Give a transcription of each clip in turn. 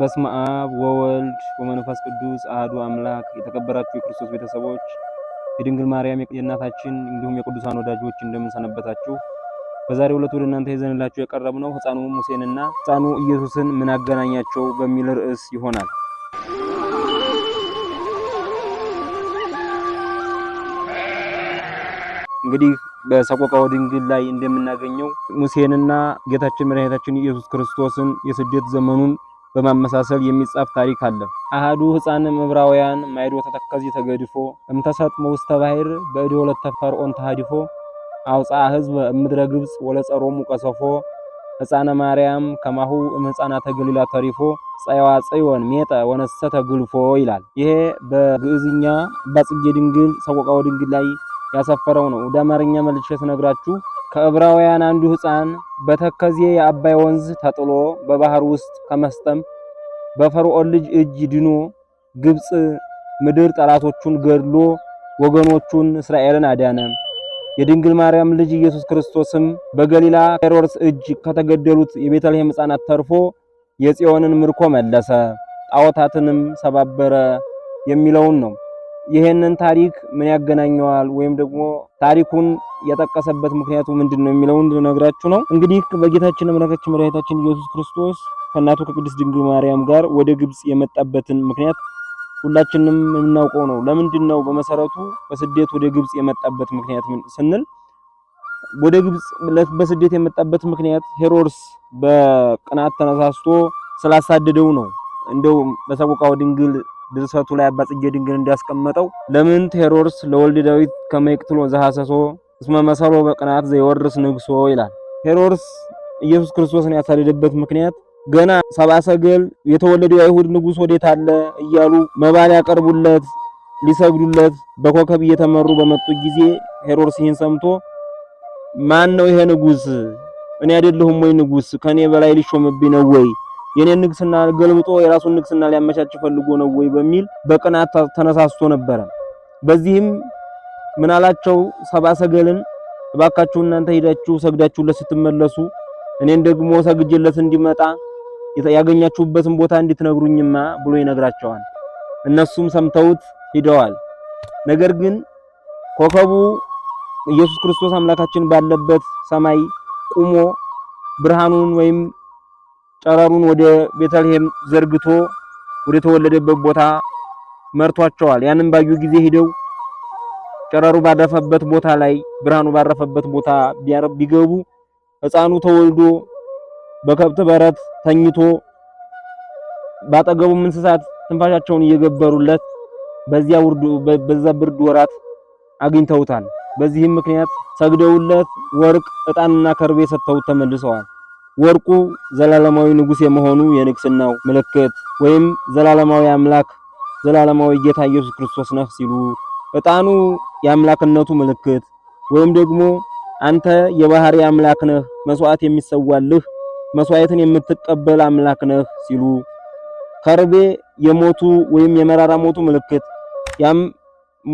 በስመ አብ ወወልድ ወመንፈስ ቅዱስ አህዱ አምላክ። የተከበራችሁ የክርስቶስ ቤተሰቦች የድንግል ማርያም የእናታችን እንዲሁም የቅዱሳን ወዳጆች እንደምንሰነበታችሁ። በዛሬው ዕለት ወደ እናንተ ይዘንላችሁ ነው ህፃኑ ሙሴንና ህፃኑ ኢየሱስን ምን አገናኛቸው በሚል ርዕስ ይሆናል። እንግዲህ በሰቆቃወ ድንግል ላይ እንደምናገኘው ሙሴንና ጌታችን መድኃኒታችን ኢየሱስ ክርስቶስን የስደት ዘመኑን በማመሳሰል የሚጻፍ ታሪክ አለ። አሃዱ ህፃን ዕብራውያን ማይዶ ተተከዚ ተገድፎ እምተሰጥሞ ውስተ ባሕር በእደ ወለተ ፈርዖን ተሃዲፎ አውፃ ህዝብ እምድረ ግብጽ ወለጸሮሙ ቀሰፎ ህፃነ ማርያም ከማሁ እምሕፃናተ ገሊላ ተሪፎ ጸይዋ ጽዮን ሜጠ ወነሰ ተግልፎ ይላል። ይሄ በግዕዝኛ በጽጌ ድንግል ሰቆቃወ ድንግል ላይ ያሰፈረው ነው። ወደ አማርኛ መልሼ ስነግራችሁ ከዕብራውያን አንዱ ሕፃን በተከዜ የአባይ ወንዝ ተጥሎ በባህር ውስጥ ከመስጠም በፈርዖን ልጅ እጅ ድኖ ግብፅ ምድር ጠላቶቹን ገድሎ ወገኖቹን እስራኤልን አዳነ። የድንግል ማርያም ልጅ ኢየሱስ ክርስቶስም በገሊላ ሄሮድስ እጅ ከተገደሉት የቤተልሔም ሕፃናት ተርፎ የጽዮንን ምርኮ መለሰ፣ ጣዖታትንም ሰባበረ የሚለውን ነው። ይሄንን ታሪክ ምን ያገናኘዋል ወይም ደግሞ ታሪኩን የጠቀሰበት ምክንያቱ ምንድን ነው የሚለውን ልነግራችሁ ነው። እንግዲህ በጌታችን አምላካችን መድኃኒታችን ኢየሱስ ክርስቶስ ከእናቱ ከቅድስት ድንግል ማርያም ጋር ወደ ግብፅ የመጣበትን ምክንያት ሁላችንም የምናውቀው ነው። ለምንድን ነው በመሰረቱ በስደት ወደ ግብፅ የመጣበት ምክንያት ስንል ወደ ግብፅ በስደት የመጣበት ምክንያት ሄሮድስ በቅናት ተነሳስቶ ስላሳደደው ነው። እንደው በሰቆቃወ ድንግል ድርሰቱ ላይ አባ ጽጌ ድንግል እንዳስቀመጠው ለምን ቴሮርስ ለወልድ ዳዊት ከመይቅትሎ ዘሐሰሶ እስመ መሰሎ በቅናት ዘይወርስ ንግሶ ይላል። ቴሮርስ ኢየሱስ ክርስቶስን ያሳደደበት ምክንያት ገና ሰብአ ሰገል የተወለደው አይሁድ ንጉሥ ወዴት አለ እያሉ መባል ያቀርቡለት ሊሰግዱለት በኮከብ እየተመሩ በመጡ ጊዜ ሄሮድስ ይህን ሰምቶ ማን ነው ይሄ ንጉሥ? እኔ አይደለሁም ወይ ንጉሥ? ከኔ በላይ ሊሾምብኝ ነው ወይ የኔን ንግስና ገልብጦ የራሱን ንግስና ሊያመቻች ፈልጎ ነው ወይ በሚል በቅናት ተነሳስቶ ነበረ። በዚህም ምናላቸው ሰባ ሰገልን እባካችሁ እናንተ ሄዳችሁ ሰግዳችሁለት ስትመለሱ እኔን ደግሞ ሰግጄለት እንዲመጣ ያገኛችሁበትን ቦታ እንድትነግሩኝማ ብሎ ይነግራቸዋል። እነሱም ሰምተውት ሂደዋል። ነገር ግን ኮከቡ ኢየሱስ ክርስቶስ አምላካችን ባለበት ሰማይ ቁሞ ብርሃኑን ወይም ጨረሩን ወደ ቤተልሔም ዘርግቶ ወደ ተወለደበት ቦታ መርቷቸዋል። ያንን ባዩ ጊዜ ሄደው ጨረሩ ባረፈበት ቦታ ላይ ብርሃኑ ባረፈበት ቦታ ቢገቡ ሕፃኑ ተወልዶ በከብት በረት ተኝቶ ባጠገቡም እንስሳት ትንፋሻቸውን እየገበሩለት በዚያ ውርድ በዛ ብርድ ወራት አግኝተውታል። በዚህም ምክንያት ሰግደውለት ወርቅ ዕጣንና ከርቤ ሰጥተውት ተመልሰዋል። ወርቁ ዘላለማዊ ንጉስ የመሆኑ የንግስናው ምልክት ወይም ዘላለማዊ አምላክ ዘላለማዊ ጌታ ኢየሱስ ክርስቶስ ነህ ሲሉ፣ እጣኑ የአምላክነቱ ምልክት ወይም ደግሞ አንተ የባህሪ አምላክ ነህ፣ መስዋዕት የሚሰዋልህ መስዋዕትን የምትቀበል አምላክ ነህ ሲሉ፣ ከርቤ የሞቱ ወይም የመራራ ሞቱ ምልክት ያም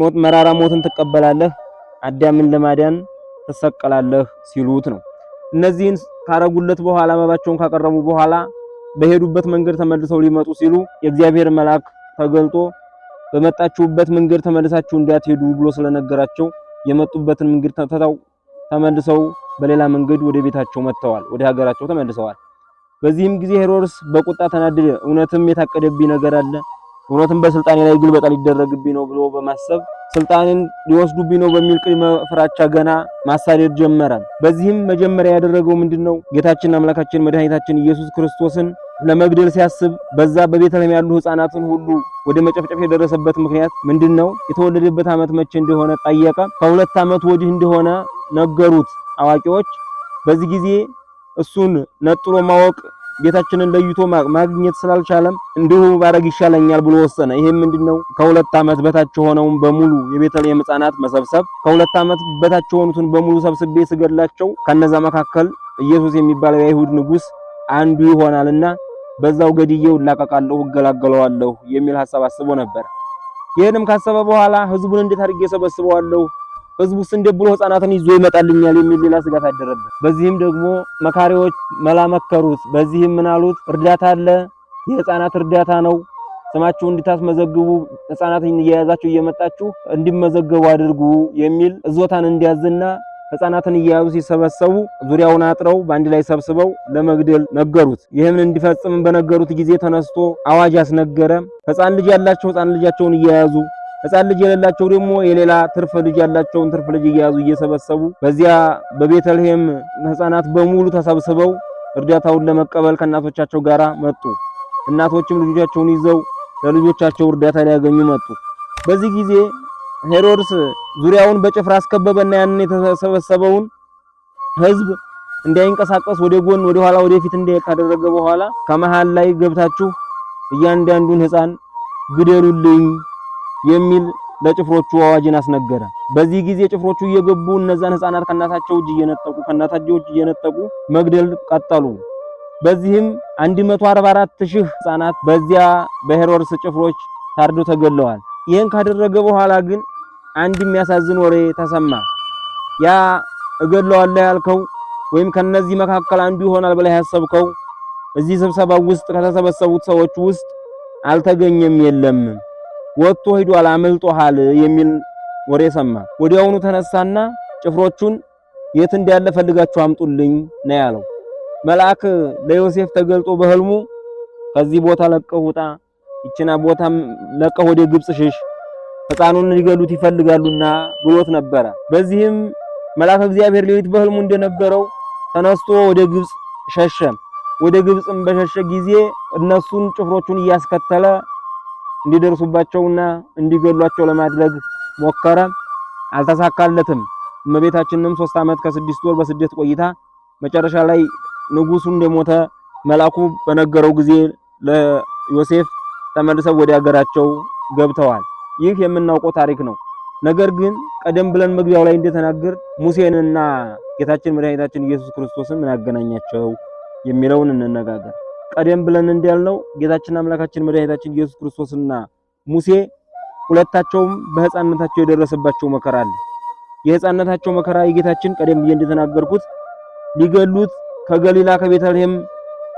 ሞት መራራ ሞትን ትቀበላለህ፣ አዳምን ለማዳን ትሰቀላለህ ሲሉት ነው እነዚህን ካረጉለት በኋላ መባቸውን ካቀረቡ በኋላ በሄዱበት መንገድ ተመልሰው ሊመጡ ሲሉ የእግዚአብሔር መልአክ ተገልጦ በመጣችሁበት መንገድ ተመልሳችሁ እንዳትሄዱ ብሎ ስለነገራቸው የመጡበትን መንገድ ተተው ተመልሰው በሌላ መንገድ ወደ ቤታቸው መጥተዋል፣ ወደ ሀገራቸው ተመልሰዋል። በዚህም ጊዜ ሄሮድስ በቁጣ ተናደደ። እውነትም የታቀደብኝ ነገር አለ እውነትም በስልጣኔ ላይ ግልበጣ ሊደረግብኝ ነው ብሎ በማሰብ ስልጣንን ሊወስዱብኝ ነው በሚል ቅድመ ፍራቻ ገና ማሳደድ ጀመራል። በዚህም መጀመሪያ ያደረገው ምንድነው? ጌታችን አምላካችን መድኃኒታችን ኢየሱስ ክርስቶስን ለመግደል ሲያስብ በዛ በቤተልሔም ያሉ ሕፃናትን ሁሉ ወደ መጨፍጨፍ የደረሰበት ምክንያት ምንድነው? የተወለደበት ዓመት መቼ እንደሆነ ጠየቀ። ከሁለት ዓመት ወዲህ እንደሆነ ነገሩት አዋቂዎች። በዚህ ጊዜ እሱን ነጥሎ ማወቅ ጌታችንን ለይቶ ማግኘት ስላልቻለም እንዲሁ ባረግ ይሻለኛል ብሎ ወሰነ። ይሄም ምንድነው? ከሁለት ዓመት በታች የሆነውን በሙሉ የቤተልሔም ሕፃናት መሰብሰብ። ከሁለት ዓመት በታች የሆኑትን በሙሉ ሰብስቤ ስገድላቸው ከነዛ መካከል ኢየሱስ የሚባለው የአይሁድ ንጉስ አንዱ ይሆናልና በዛው ገድዬው እላቀቃለሁ፣ እገላገለዋለሁ የሚል ሐሳብ አስቦ ነበር። ይህንም ካሰበ በኋላ ህዝቡን እንዴት አድርጌ ሰበስበዋለሁ ህዝቡስ እንደ ብሎ ህፃናትን ይዞ ይመጣልኛል የሚል ሌላ ስጋት አደረበት። በዚህም ደግሞ መካሪዎች መላ መከሩት። በዚህም ምናሉት እርዳታ አለ፣ የህፃናት እርዳታ ነው ስማችሁ እንድታስመዘግቡ ህፃናትን እየያዛችሁ እየመጣችሁ እንዲመዘገቡ አድርጉ የሚል እዞታን እንዲያዝና ህፃናትን እያያዙ ሲሰበሰቡ ዙሪያውን አጥረው በአንድ ላይ ሰብስበው ለመግደል ነገሩት። ይህን እንዲፈጽም በነገሩት ጊዜ ተነስቶ አዋጅ አስነገረ። ህፃን ልጅ ያላቸው ህፃን ልጃቸውን እያያዙ ህፃን ልጅ የሌላቸው ደግሞ የሌላ ትርፍ ልጅ ያላቸውን ትርፍ ልጅ እየያዙ እየሰበሰቡ በዚያ በቤተልሔም ህፃናት በሙሉ ተሰብስበው እርዳታውን ለመቀበል ከእናቶቻቸው ጋር መጡ። እናቶችም ልጆቻቸውን ይዘው ለልጆቻቸው እርዳታ ሊያገኙ መጡ። በዚህ ጊዜ ሄሮድስ ዙሪያውን በጭፍራ አስከበበና ያንን የተሰበሰበውን ህዝብ እንዳይንቀሳቀስ ወደ ጎን፣ ወደ ኋላ፣ ወደ ፊት እንዳይል ካደረገ በኋላ ከመሃል ላይ ገብታችሁ እያንዳንዱን ህፃን ግደሉልኝ የሚል ለጭፍሮቹ አዋጅን አስነገረ። በዚህ ጊዜ ጭፍሮቹ እየገቡ እነዛን ህፃናት ከእናታቸው እጅ እየነጠቁ ከእናታቸው እጅ እየነጠቁ መግደል ቀጠሉ። በዚህም 144 ሺህ ህፃናት በዚያ በሄሮድስ ጭፍሮች ታርዶ ተገለዋል። ይህን ካደረገ በኋላ ግን አንድ የሚያሳዝን ወሬ ተሰማ። ያ እገለዋለሁ ያልከው ወይም ከነዚህ መካከል አንዱ ይሆናል ብለህ ያሰብከው እዚህ ስብሰባ ውስጥ ከተሰበሰቡት ሰዎች ውስጥ አልተገኘም የለም ወጥቶ ሂዷል አመልጦሃል የሚል ወሬ ሰማ። ወዲያውኑ ተነሳና ጭፍሮቹን የት እንዳለ ፈልጋችሁ አምጡልኝ ነው ያለው። መልአክ ለዮሴፍ ተገልጦ በህልሙ ከዚህ ቦታ ለቀህ ውጣ፣ ይችና ለቀ ለቀህ ወደ ግብጽ ሽሽ፣ ሕፃኑን ሊገሉት ይፈልጋሉና ብሎት ነበረ። በዚህም መልአክ እግዚአብሔር ሌሊት በህልሙ እንደነበረው ተነስቶ ወደ ግብጽ ሸሸ። ወደ ግብጽም በሸሸ ጊዜ እነሱን ጭፍሮቹን እያስከተለ እንዲደርሱባቸውና እንዲገሏቸው ለማድረግ ሞከረ፣ አልተሳካለትም። እመቤታችንም ሶስት ዓመት ከስድስት ወር በስደት ቆይታ መጨረሻ ላይ ንጉሱ እንደሞተ መልአኩ በነገረው ጊዜ ለዮሴፍ ተመልሰው ወደ ሀገራቸው ገብተዋል። ይህ የምናውቀው ታሪክ ነው። ነገር ግን ቀደም ብለን መግቢያው ላይ እንደተናገር ሙሴንና ጌታችን መድኃኒታችን ኢየሱስ ክርስቶስን ምን አገናኛቸው የሚለውን እንነጋገር። ቀደም ብለን እንዳልነው ጌታችን አምላካችን መድኃኒታችን ኢየሱስ ክርስቶስና ሙሴ ሁለታቸውም በሕፃንነታቸው የደረሰባቸው መከራ አለ። የሕፃንነታቸው መከራ የጌታችን ቀደም ብዬ እንደተናገርኩት ሊገሉት ከገሊላ ከቤተልሔም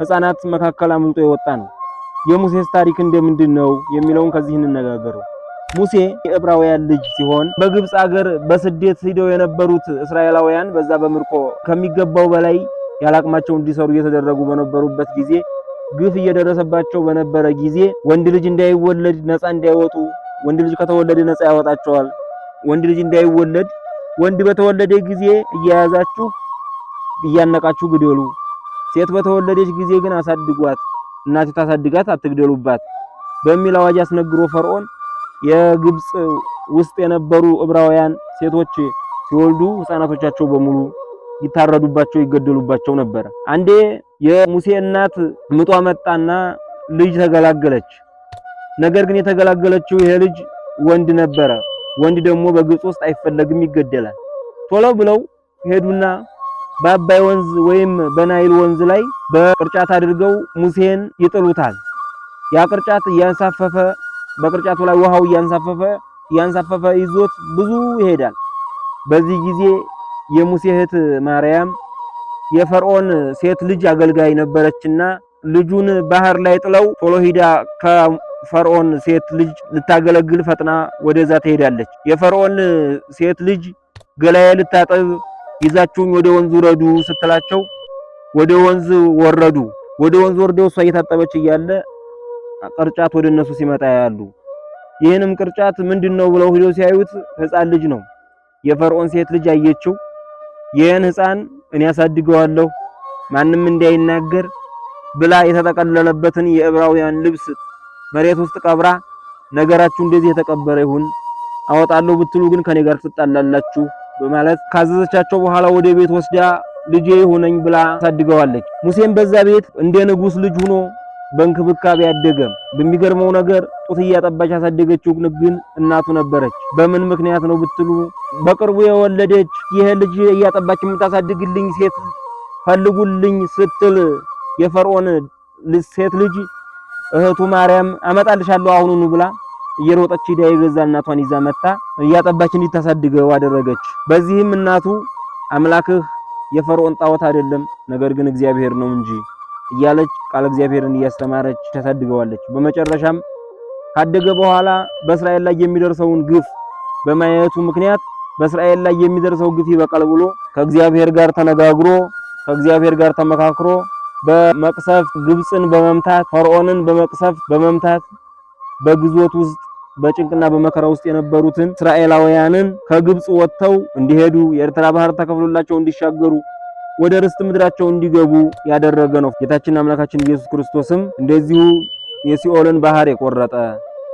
ሕፃናት መካከል አምልጦ የወጣ ነው። የሙሴስ ታሪክ እንደምንድን ነው የሚለውን ከዚህ እንነጋገረው። ሙሴ የዕብራውያን ልጅ ሲሆን በግብፅ አገር በስደት ሂደው የነበሩት እስራኤላውያን በዛ በምርኮ ከሚገባው በላይ ያላቅማቸው እንዲሰሩ እየተደረጉ በነበሩበት ጊዜ ግፍ እየደረሰባቸው በነበረ ጊዜ ወንድ ልጅ እንዳይወለድ ነፃ እንዳይወጡ ወንድ ልጅ ከተወለደ ነፃ ያወጣቸዋል። ወንድ ልጅ እንዳይወለድ ወንድ በተወለደ ጊዜ እያያዛችሁ እያነቃችሁ ግደሉ። ሴት በተወለደች ጊዜ ግን አሳድጓት፣ እናት ታሳድጋት፣ አትግደሉባት በሚል አዋጅ አስነግሮ ፈርዖን የግብፅ ውስጥ የነበሩ ዕብራውያን ሴቶች ሲወልዱ ህፃናቶቻቸው በሙሉ ይታረዱባቸው፣ ይገደሉባቸው ነበር። አንዴ የሙሴ እናት ምጧ መጣና ልጅ ተገላገለች። ነገር ግን የተገላገለችው ይሄ ልጅ ወንድ ነበረ። ወንድ ደግሞ በግብፅ ውስጥ አይፈለግም፣ ይገደላል። ቶሎ ብለው ሄዱና በአባይ ወንዝ ወይም በናይል ወንዝ ላይ በቅርጫት አድርገው ሙሴን ይጥሉታል። ያ ቅርጫት እያንሳፈፈ በቅርጫቱ ላይ ውሃው እያንሳፈፈ እያንሳፈፈ ይዞት ብዙ ይሄዳል። በዚህ ጊዜ የሙሴ እህት ማርያም የፈርዖን ሴት ልጅ አገልጋይ ነበረችና ልጁን ባህር ላይ ጥለው ቶሎ ሂዳ ከፈርዖን ሴት ልጅ ልታገለግል ፈጥና ወደዛ ትሄዳለች። የፈርዖን ሴት ልጅ ገላዬ ልታጠብ ይዛችሁኝ ወደ ወንዝ ውረዱ ስትላቸው ወደ ወንዝ ወረዱ። ወደ ወንዝ ወርደው እሷ እየታጠበች እያለ ቅርጫት ወደ እነሱ ሲመጣ ያሉ። ይህንም ቅርጫት ምንድን ነው ብለው ሂደው ሲያዩት ሕፃን ልጅ ነው። የፈርዖን ሴት ልጅ አየችው። ይህን ሕፃን እኔ ያሳድገዋለሁ ማንም እንዳይናገር ብላ የተጠቀለለበትን የዕብራውያን ልብስ መሬት ውስጥ ቀብራ ነገራችሁ እንደዚህ የተቀበረ ይሁን አወጣለሁ ብትሉ ግን ከኔ ጋር ትጣላላችሁ በማለት ካዘዘቻቸው በኋላ ወደ ቤት ወስዳ ልጄ ይሁነኝ ብላ አሳድገዋለች። ሙሴም በዛ ቤት እንደ ንጉስ ልጅ ሆኖ በእንክብካቤ ያደገ። በሚገርመው ነገር ጡት እያጠባች ያሳደገችው ግን እናቱ ነበረች። በምን ምክንያት ነው ብትሉ በቅርቡ የወለደች ይሄ ልጅ እያጠባች የምታሳድግልኝ ሴት ፈልጉልኝ ስትል የፈርዖን ሴት ልጅ እህቱ ማርያም አመጣልሻለሁ አሁኑኑ ብላ እየሮጠች ሂዳ የገዛ እናቷን ይዛ መጣ እያጠባች እንዲታሳድገው አደረገች። በዚህም እናቱ አምላክህ የፈርዖን ጣዖት አይደለም ነገር ግን እግዚአብሔር ነው እንጂ እያለች ቃል እግዚአብሔርን እያስተማረች ታሳድገዋለች። በመጨረሻም ካደገ በኋላ በእስራኤል ላይ የሚደርሰውን ግፍ በማየቱ ምክንያት በእስራኤል ላይ የሚደርሰው ግፍ ይበቃል ብሎ ከእግዚአብሔር ጋር ተነጋግሮ ከእግዚአብሔር ጋር ተመካክሮ በመቅሰፍት ግብፅን በመምታት ፈርዖንን በመቅሰፍት በመምታት በግዞት ውስጥ በጭንቅና በመከራ ውስጥ የነበሩትን እስራኤላውያንን ከግብፅ ወጥተው እንዲሄዱ የኤርትራ ባህር ተከፍሎላቸው እንዲሻገሩ ወደ ርስት ምድራቸው እንዲገቡ ያደረገ ነው። ጌታችን አምላካችን ኢየሱስ ክርስቶስም እንደዚሁ የሲኦልን ባህር የቆረጠ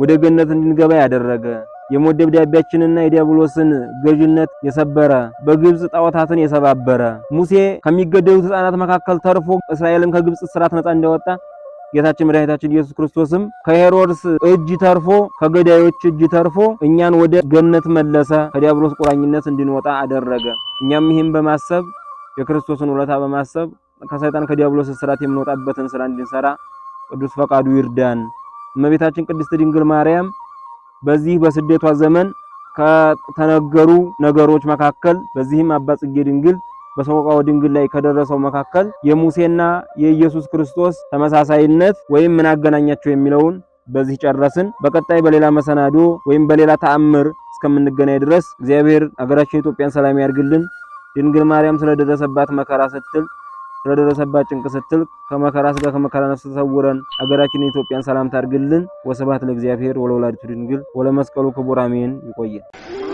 ወደ ገነት እንድንገባ ያደረገ የሞት ደብዳቤያችንና የዲያብሎስን ገዥነት የሰበረ በግብጽ ጣዖታትን የሰባበረ ሙሴ ከሚገደሉት ሕፃናት መካከል ተርፎ እስራኤልን ከግብጽ ስራት ነፃ እንደወጣ ጌታችን መድኃኒታችን ኢየሱስ ክርስቶስም ከሄሮድስ እጅ ተርፎ ከገዳዮች እጅ ተርፎ እኛን ወደ ገነት መለሰ። ከዲያብሎስ ቁራኝነት እንድንወጣ አደረገ። እኛም ይህም በማሰብ የክርስቶስን ውለታ በማሰብ ከሰይጣን ከዲያብሎስ ስራት የምንወጣበትን ስራ እንድንሰራ ቅዱስ ፈቃዱ ይርዳን። እመቤታችን ቅድስት ድንግል ማርያም በዚህ በስደቷ ዘመን ከተነገሩ ነገሮች መካከል በዚህም አባ ጽጌ ድንግል በሰቆቃወ ድንግል ላይ ከደረሰው መካከል የሙሴና የኢየሱስ ክርስቶስ ተመሳሳይነት ወይም ምን አገናኛቸው የሚለውን በዚህ ጨረስን። በቀጣይ በሌላ መሰናዶ ወይም በሌላ ተአምር እስከምንገናኝ ድረስ እግዚአብሔር አገራችን ኢትዮጵያን ሰላም ያርግልን። ድንግል ማርያም ስለደረሰባት መከራ ስትል ስለደረሰባት ጭንቅ ስትል ከመከራ ስጋ ከመከራ ነፍስ ተሰውረን አገራችንን ኢትዮጵያን ሰላም ታርግልን ወስብሐት ለእግዚአብሔር ወለወላዲቱ ድንግል ወለመስቀሉ ክቡር አሜን። ይቆየን።